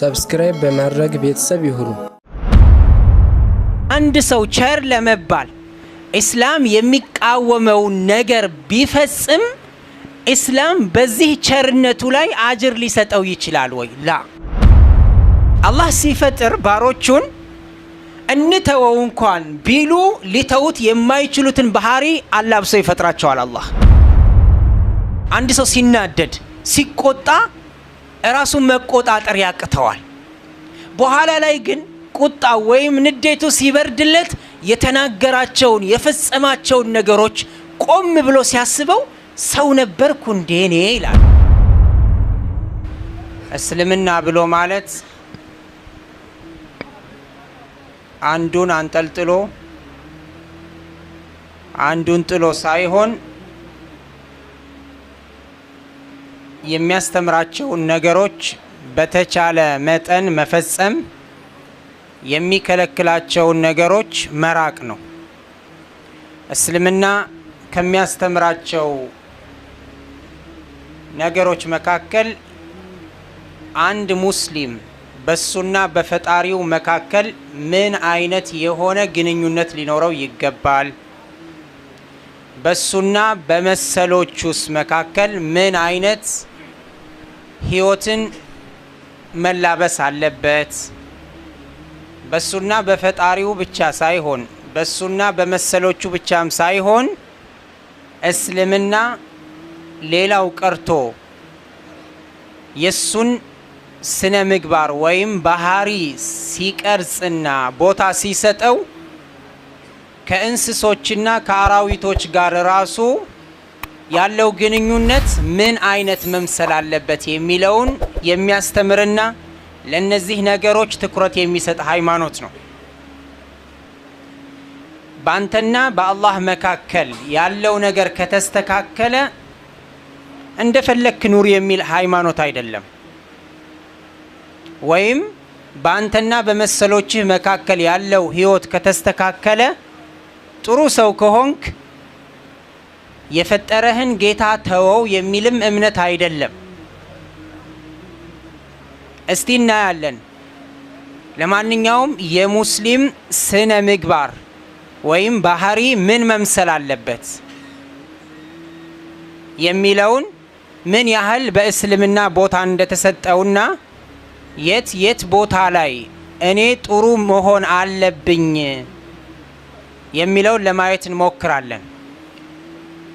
ሰብስክራይብ በማድረግ ቤተሰብ ይሁኑ። አንድ ሰው ቸር ለመባል ኢስላም የሚቃወመውን ነገር ቢፈጽም ኢስላም በዚህ ቸርነቱ ላይ አጅር ሊሰጠው ይችላል ወይ? ላ አላህ ሲፈጥር ባሮቹን እንተወው እንኳን ቢሉ ሊተውት የማይችሉትን ባህሪ አላብሰው ይፈጥራቸዋል። አላህ አንድ ሰው ሲናደድ ሲቆጣ ራሱን መቆጣጠር ያቅተዋል። በኋላ ላይ ግን ቁጣ ወይም ንዴቱ ሲበርድለት የተናገራቸውን የፈጸማቸውን ነገሮች ቆም ብሎ ሲያስበው ሰው ነበርኩ እንዴ እኔ ይላል። እስልምና ብሎ ማለት አንዱን አንጠልጥሎ አንዱን ጥሎ ሳይሆን የሚያስተምራቸውን ነገሮች በተቻለ መጠን መፈጸም፣ የሚከለክላቸውን ነገሮች መራቅ ነው። እስልምና ከሚያስተምራቸው ነገሮች መካከል አንድ ሙስሊም በሱና በፈጣሪው መካከል ምን አይነት የሆነ ግንኙነት ሊኖረው ይገባል? በሱና በመሰሎቹስ መካከል ምን አይነት ህይወትን መላበስ አለበት። በሱና በፈጣሪው ብቻ ሳይሆን በሱና በመሰሎቹ ብቻም ሳይሆን እስልምና ሌላው ቀርቶ የሱን ስነ ምግባር ወይም ባህሪ ሲቀርጽና ቦታ ሲሰጠው ከእንስሶችና ከአራዊቶች ጋር ራሱ ያለው ግንኙነት ምን አይነት መምሰል አለበት የሚለውን የሚያስተምርና ለእነዚህ ነገሮች ትኩረት የሚሰጥ ሃይማኖት ነው። በአንተና በአላህ መካከል ያለው ነገር ከተስተካከለ እንደፈለክ ኑር የሚል ሃይማኖት አይደለም። ወይም በአንተና በመሰሎችህ መካከል ያለው ህይወት ከተስተካከለ ጥሩ ሰው ከሆንክ የፈጠረህን ጌታ ተወው የሚልም እምነት አይደለም። እስቲ እናያለን። ለማንኛውም የሙስሊም ስነ ምግባር ወይም ባህሪ ምን መምሰል አለበት የሚለውን ምን ያህል በእስልምና ቦታ እንደተሰጠውና የት የት ቦታ ላይ እኔ ጥሩ መሆን አለብኝ የሚለውን ለማየት እንሞክራለን።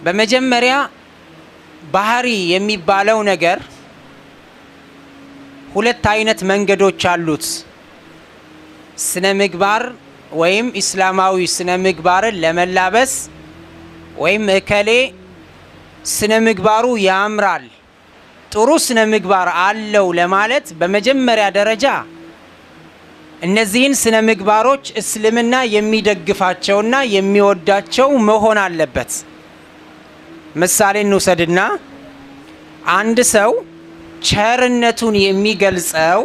በመጀመሪያ ባህሪ የሚባለው ነገር ሁለት አይነት መንገዶች አሉት። ስነ ምግባር ወይም ኢስላማዊ ስነ ምግባርን ለመላበስ ወይም እከሌ ስነ ምግባሩ ያምራል፣ ጥሩ ስነ ምግባር አለው ለማለት በመጀመሪያ ደረጃ እነዚህን ስነ ምግባሮች እስልምና የሚደግፋቸውና የሚወዳቸው መሆን አለበት። ምሳሌ እንውሰድና አንድ ሰው ቸርነቱን የሚገልጸው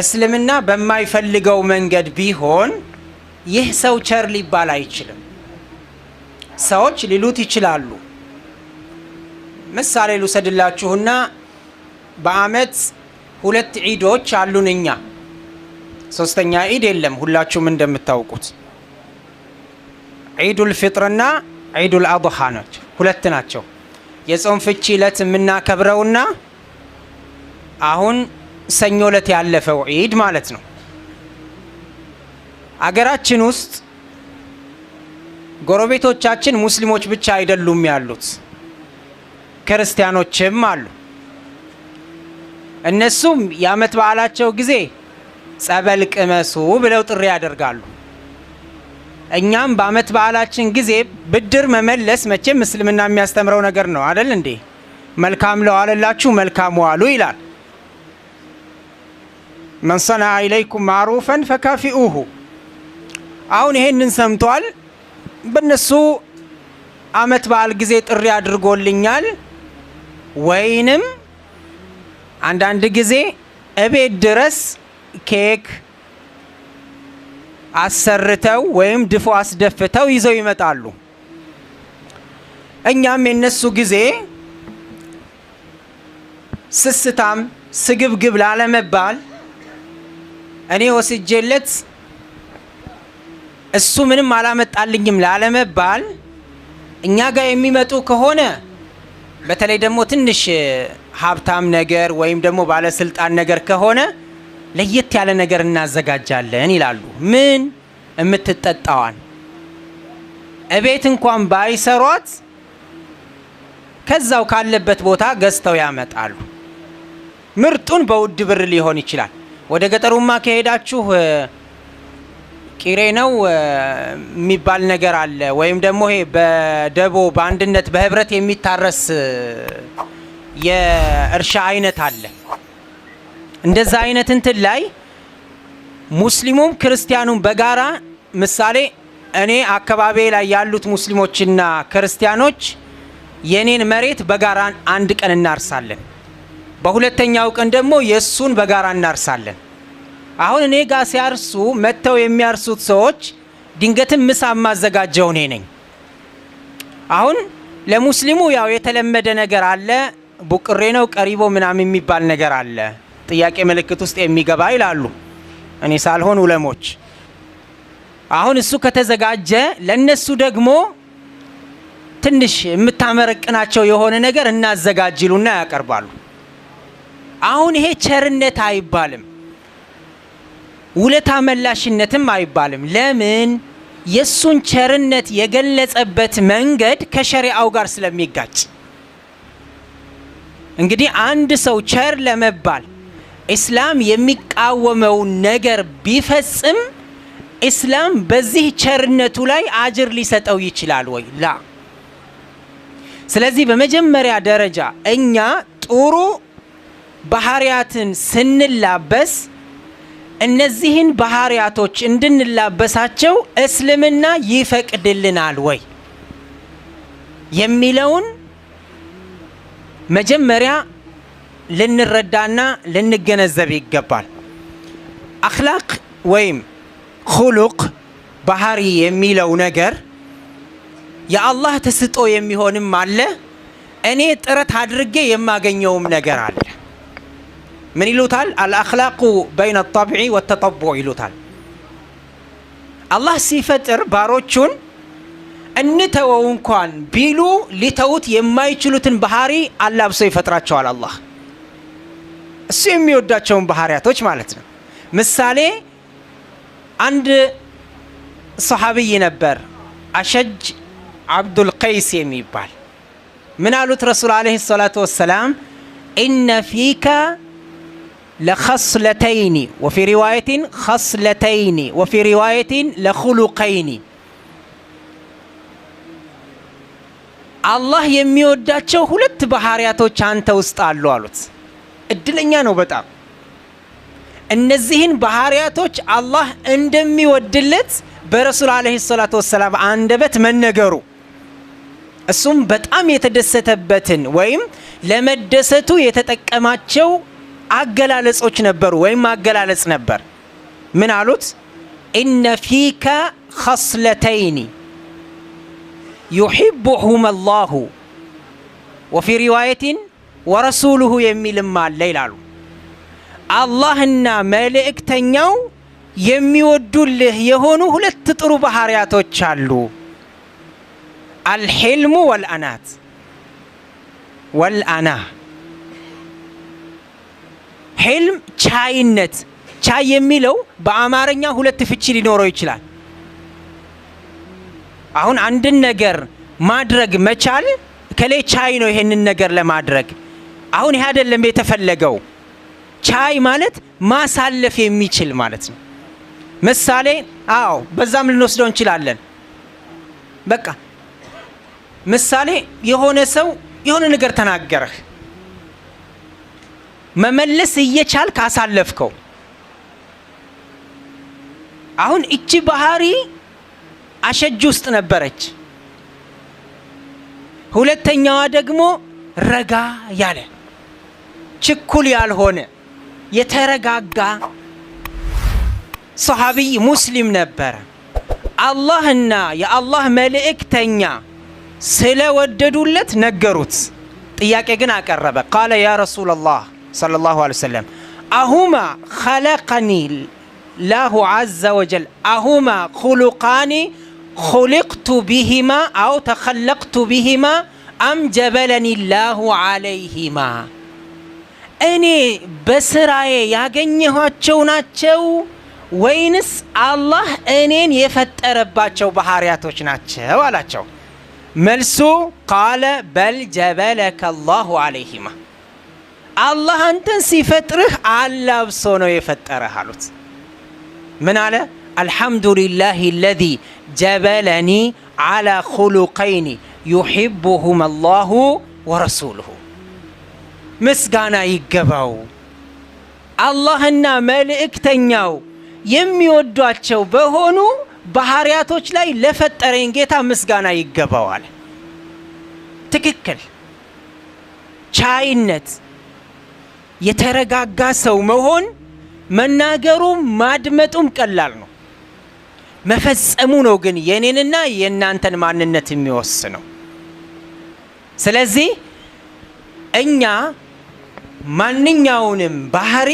እስልምና በማይፈልገው መንገድ ቢሆን ይህ ሰው ቸር ሊባል አይችልም። ሰዎች ሊሉት ይችላሉ። ምሳሌ ልውሰድላችሁና በአመት ሁለት ዒዶች አሉን እኛ ሶስተኛ ዒድ የለም። ሁላችሁም እንደምታውቁት ዒዱል ፊጥርና ዒዱል አድሃ ናቸው። ሁለት ናቸው። የጾም ፍቺ ዕለት የምናከብረውና አሁን ሰኞ ዕለት ያለፈው ዒድ ማለት ነው። አገራችን ውስጥ ጎረቤቶቻችን ሙስሊሞች ብቻ አይደሉም ያሉት፣ ክርስቲያኖችም አሉ። እነሱም የዓመት በዓላቸው ጊዜ ጸበል ቅመሱ ብለው ጥሪ ያደርጋሉ። እኛም በአመት በዓላችን ጊዜ ብድር መመለስ መቼም እስልምና የሚያስተምረው ነገር ነው አደል እንዴ? መልካም ለዋለላችሁ መልካም ዋሉ ይላል። መን ሰነዐ ኢለይኩም ማዕሩፈን ፈካፊኡሁ። አሁን ይሄንን ሰምቷል። በነሱ አመት በዓል ጊዜ ጥሪ አድርጎልኛል ወይንም አንዳንድ ጊዜ እቤት ድረስ ኬክ አሰርተው ወይም ድፎ አስደፍተው ይዘው ይመጣሉ። እኛም የነሱ ጊዜ ስስታም ስግብግብ ላለመባል እኔ ወስጄለት እሱ ምንም አላመጣልኝም ላለመባል እኛ ጋር የሚመጡ ከሆነ በተለይ ደግሞ ትንሽ ሀብታም ነገር ወይም ደግሞ ባለስልጣን ነገር ከሆነ ለየት ያለ ነገር እናዘጋጃለን ይላሉ። ምን የምትጠጣዋን እቤት እንኳን ባይሰሯት ከዛው ካለበት ቦታ ገዝተው ያመጣሉ። ምርጡን በውድ ብር ሊሆን ይችላል። ወደ ገጠሩማ ከሄዳችሁ ቂሬ ነው የሚባል ነገር አለ። ወይም ደግሞ ይሄ በደቦ በአንድነት በህብረት የሚታረስ የእርሻ አይነት አለ። እንደዛ አይነት እንትን ላይ ሙስሊሙም ክርስቲያኑም በጋራ ምሳሌ እኔ አካባቢ ላይ ያሉት ሙስሊሞችና ክርስቲያኖች የኔን መሬት በጋራ አንድ ቀን እናርሳለን፣ በሁለተኛው ቀን ደግሞ የእሱን በጋራ እናርሳለን። አሁን እኔ ጋር ሲያርሱ መጥተው የሚያርሱት ሰዎች ድንገትም ምሳ የማዘጋጀው እኔ ነኝ። አሁን ለሙስሊሙ ያው የተለመደ ነገር አለ፣ ቡቅሬ ነው ቀሪቦ ምናምን የሚባል ነገር አለ። ጥያቄ ምልክት ውስጥ የሚገባ ይላሉ። እኔ ሳልሆን ዑለሞች። አሁን እሱ ከተዘጋጀ ለነሱ ደግሞ ትንሽ የምታመረቅናቸው የሆነ ነገር እናዘጋጅ ያቀርባሉ። አሁን ይሄ ቸርነት አይባልም፣ ውለታ መላሽነትም አይባልም። ለምን? የእሱን ቸርነት የገለጸበት መንገድ ከሸሪአው ጋር ስለሚጋጭ። እንግዲህ አንድ ሰው ቸር ለመባል እስላም የሚቃወመውን ነገር ቢፈጽም እስላም በዚህ ቸርነቱ ላይ አጅር ሊሰጠው ይችላል ወይ? ላ ስለዚህ በመጀመሪያ ደረጃ እኛ ጥሩ ባህሪያትን ስንላበስ እነዚህን ባህሪያቶች እንድንላበሳቸው እስልምና ይፈቅድልናል ወይ የሚለውን መጀመሪያ ልንረዳና ልንገነዘብ ይገባል። አክላቅ ወይም ሁሉቅ ባህሪ የሚለው ነገር የአላህ ተስጦ የሚሆንም አለ፣ እኔ ጥረት አድርጌ የማገኘውም ነገር አለ። ምን ይሉታል? አልአክላቁ በይነ አጣብዒ ወተጠቦ ይሉታል። አላህ ሲፈጥር ባሮቹን እንተወው እንኳን ቢሉ ሊተውት የማይችሉትን ባህሪ አላብሶ ይፈጥራቸዋል አላህ እሱ የሚወዳቸውን ባህሪያቶች ማለት ነው። ምሳሌ አንድ ሰሓብይ ነበር አሸጅ አብዱል ቀይስ የሚባል ምን አሉት ረሱል ዓለይሂ ሰላቱ ወሰላም ኢነ ፊከ ለኸስለተይኒ ወፊ ሪዋየትን ኸስለተይኒ ወፊ ሪዋየትን ለኹሉቀይኒ አላህ የሚወዳቸው ሁለት ባህሪያቶች አንተ ውስጥ አሉ አሉት። እድለኛ ነው በጣም እነዚህን ባህሪያቶች አላህ እንደሚወድለት በረሱል አለይሂ ሰላቱ ወሰላም አንደበት መነገሩ እሱም በጣም የተደሰተበትን ወይም ለመደሰቱ የተጠቀማቸው አገላለጾች ነበሩ ወይም አገላለጽ ነበር። ምን አሉት? ኢነ ፊከ ኸስለተይኒ ዩሒቡሁም አላሁ ወፊ ሪዋየቲን ወረሱሉሁ የሚልም አለ ይላሉ። አላህና መልእክተኛው የሚወዱልህ የሆኑ ሁለት ጥሩ ባህሪያቶች አሉ። አልሒልሙ ወልአናት ወልአና ሒልም ቻይነት። ቻይ የሚለው በአማርኛ ሁለት ፍቺ ሊኖረው ይችላል። አሁን አንድን ነገር ማድረግ መቻል ከሌ ቻይ ነው ይሄንን ነገር ለማድረግ አሁን ይህ አይደለም የተፈለገው። ቻይ ማለት ማሳለፍ የሚችል ማለት ነው። ምሳሌ አዎ፣ በዛም ልንወስደው እንችላለን። በቃ ምሳሌ የሆነ ሰው የሆነ ነገር ተናገረህ፣ መመለስ እየቻልክ አሳለፍከው። አሁን እቺ ባህሪ አሸጅ ውስጥ ነበረች። ሁለተኛዋ ደግሞ ረጋ ያለ ችኩል ያልሆነ የተረጋጋ ሰሃቢይ ሙስሊም ነበረ። አላህና የአላህ መልእክተኛ ስለወደዱለት ነገሩት። ጥያቄ ግን አቀረበ። ቃለ ያ ረሱላላህ ሰለላሁ ዐለይሂ ወሰለም አሁማ ኸለቀኒ ላሁ ዐዘ ወጀል አሁማ ኹሉቃኒ ኹልቅቱ ቢሂማ አው ተኸለቅቱ ቢሂማ አም ጀበለኒ ላሁ ዐለይሂማ እኔ በስራዬ ያገኘኋቸው ናቸው ወይንስ አላህ እኔን የፈጠረባቸው ባህሪያቶች ናቸው አላቸው። መልሱ ቃለ በል ጀበለከ አላሁ አለይሂማ አላህ አንተን ሲፈጥርህ አላብሶ ነው የፈጠረህ አሉት። ምን አለ? አልሐምዱሊላህ አለዚ ጀበለኒ አላ ኹሉቀይኒ ዩሒቡሁም አላሁ ወረሱሉሁ ምስጋና ይገባው። አላህና መልእክተኛው የሚወዷቸው በሆኑ ባህሪያቶች ላይ ለፈጠረኝ ጌታ ምስጋና ይገባዋል። ትክክል። ቻይነት፣ የተረጋጋ ሰው መሆን መናገሩም ማድመጡም ቀላል ነው። መፈጸሙ ነው ግን የኔንና የእናንተን ማንነት የሚወስነው። ስለዚህ እኛ ማንኛውንም ባህሪ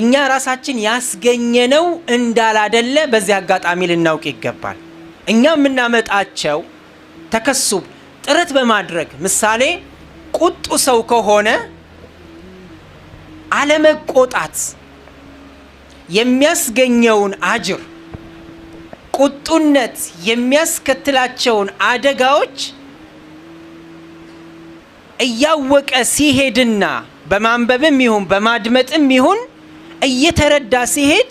እኛ ራሳችን ያስገኘነው እንዳላደለ በዚህ አጋጣሚ ልናውቅ ይገባል። እኛ የምናመጣቸው ተከሱብ ጥረት በማድረግ ምሳሌ ቁጡ ሰው ከሆነ አለመቆጣት የሚያስገኘውን አጅር ቁጡነት የሚያስከትላቸውን አደጋዎች እያወቀ ሲሄድና በማንበብም ይሁን በማድመጥም ይሁን እየተረዳ ሲሄድ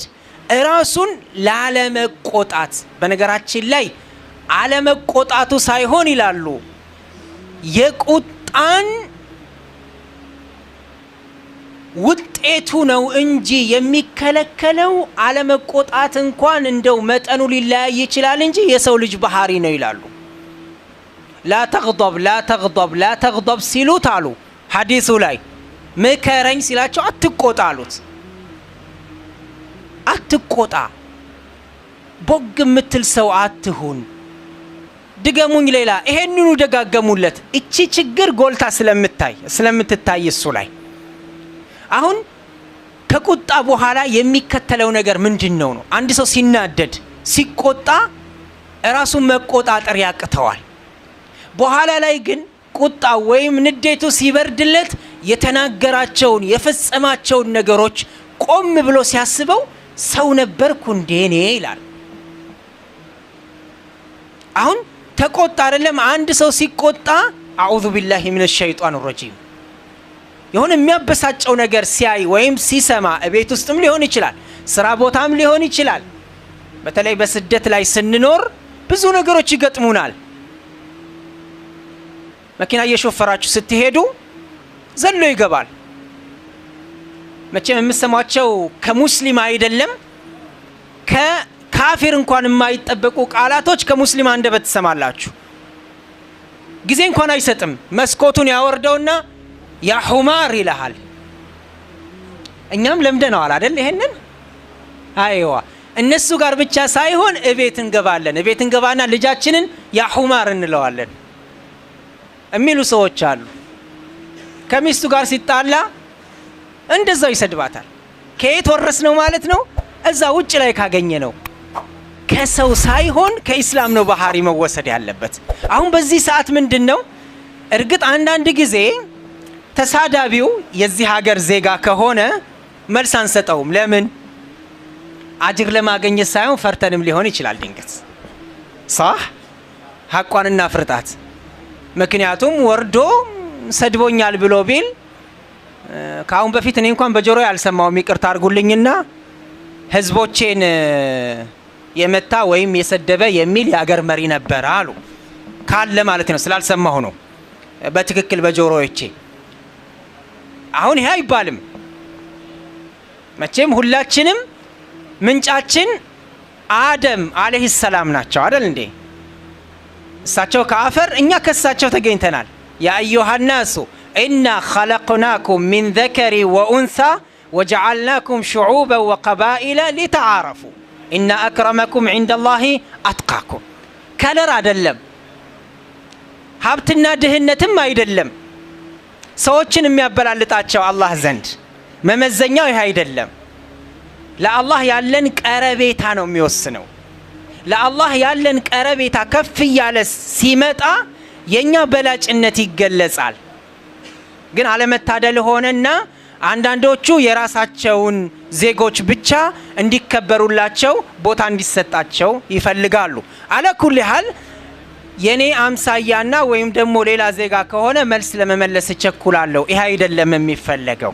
እራሱን ላለመቆጣት በነገራችን ላይ አለመቆጣቱ ሳይሆን ይላሉ የቁጣን ውጤቱ ነው እንጂ የሚከለከለው አለመቆጣት እንኳን እንደው መጠኑ ሊለያይ ይችላል እንጂ የሰው ልጅ ባህሪ ነው ይላሉ። ላተግضብ ላተግضብ ላተግضብ ሲሉት አሉ ሀዲሱ ላይ ምከረኝ ሲላቸው አትቆጣ አሉት። አትቆጣ፣ ቦግ የምትል ሰው አትሁን። ድገሙኝ፣ ሌላ ይሄንኑ ደጋገሙለት። እቺ ችግር ጎልታ ስለምታይ ስለምትታይ እሱ ላይ አሁን ከቁጣ በኋላ የሚከተለው ነገር ምንድን ነው ነው? አንድ ሰው ሲናደድ ሲቆጣ እራሱን መቆጣጠር ያቅተዋል። በኋላ ላይ ግን ቁጣ ወይም ንዴቱ ሲበርድለት የተናገራቸውን የፈጸማቸውን ነገሮች ቆም ብሎ ሲያስበው ሰው ነበርኩ እንዴ እኔ ይላል። አሁን ተቆጣ አይደለም። አንድ ሰው ሲቆጣ አዑዙ ቢላሂ ምን ሸይጣን ረጂም የሆነ የሚያበሳጨው ነገር ሲያይ ወይም ሲሰማ እቤት ውስጥም ሊሆን ይችላል፣ ስራ ቦታም ሊሆን ይችላል። በተለይ በስደት ላይ ስንኖር ብዙ ነገሮች ይገጥሙናል። መኪና እየሾፈራችሁ ስትሄዱ ዘሎ ይገባል። መቼም የምሰማቸው ከሙስሊም አይደለም ከካፊር እንኳን የማይጠበቁ ቃላቶች ከሙስሊም አንደበት ትሰማላችሁ። ጊዜ እንኳን አይሰጥም። መስኮቱን ያወርደውና ያ ሑማር ይልሃል። እኛም ለምደነዋል አደል? ይሄንን አይዋ እነሱ ጋር ብቻ ሳይሆን እቤት እንገባለን። እቤት እንገባና ልጃችንን ያ እንለዋለን። የሚሉ ሰዎች አሉ። ከሚስቱ ጋር ሲጣላ እንደዛው ይሰድባታል። ከየት ወረስ ነው ማለት ነው? እዛ ውጭ ላይ ካገኘ ነው ከሰው ሳይሆን ከኢስላም ነው ባህሪ መወሰድ ያለበት። አሁን በዚህ ሰዓት ምንድን ነው እርግጥ አንዳንድ ጊዜ ተሳዳቢው የዚህ ሀገር ዜጋ ከሆነ መልስ አንሰጠውም። ለምን አጅር ለማገኘት ሳይሆን ፈርተንም ሊሆን ይችላል ድንገት ሳህ ሀቋንና ፍርጣት ምክንያቱም ወርዶ ሰድቦኛል ብሎ ቢል ከአሁን በፊት እኔ እንኳን በጆሮ ያልሰማውም ይቅርታ አድርጉልኝና ህዝቦቼን የመታ ወይም የሰደበ የሚል የአገር መሪ ነበረ አሉ ካለ ማለት ነው። ስላልሰማሁ ነው በትክክል በጆሮዎቼ። አሁን ይሄ አይባልም መቼም። ሁላችንም ምንጫችን አደም አለህ ሰላም ናቸው አደል እንዴ? እሳቸው ከአፈር እኛ ከእሳቸው ተገኝተናል። የአዩሃ ናሱ ኢና ኸለቅናኩም ሚን ዘከሪ ወኡንሳ ወጀዓልናኩም ሽዑበን ወቀባኢለ ሊተዓረፉ ኢና አክረመኩም ዒንደላሂ አትቃኩም። ከለር አይደለም፣ ሀብትና ድህነትም አይደለም። ሰዎችን የሚያበላልጣቸው አላህ ዘንድ መመዘኛው ይህ አይደለም። ለአላህ ያለን ቀረቤታ ነው የሚወስነው። ለአላህ ያለን ቀረቤታ ከፍ እያለ ሲመጣ የእኛ በላጭነት ይገለጻል። ግን አለመታደል ሆነና አንዳንዶቹ የራሳቸውን ዜጎች ብቻ እንዲከበሩላቸው ቦታ እንዲሰጣቸው ይፈልጋሉ። አለኩል ያህል የኔ አምሳያና ወይም ደግሞ ሌላ ዜጋ ከሆነ መልስ ለመመለስ እቸኩላለሁ። ይህ አይደለም የሚፈለገው።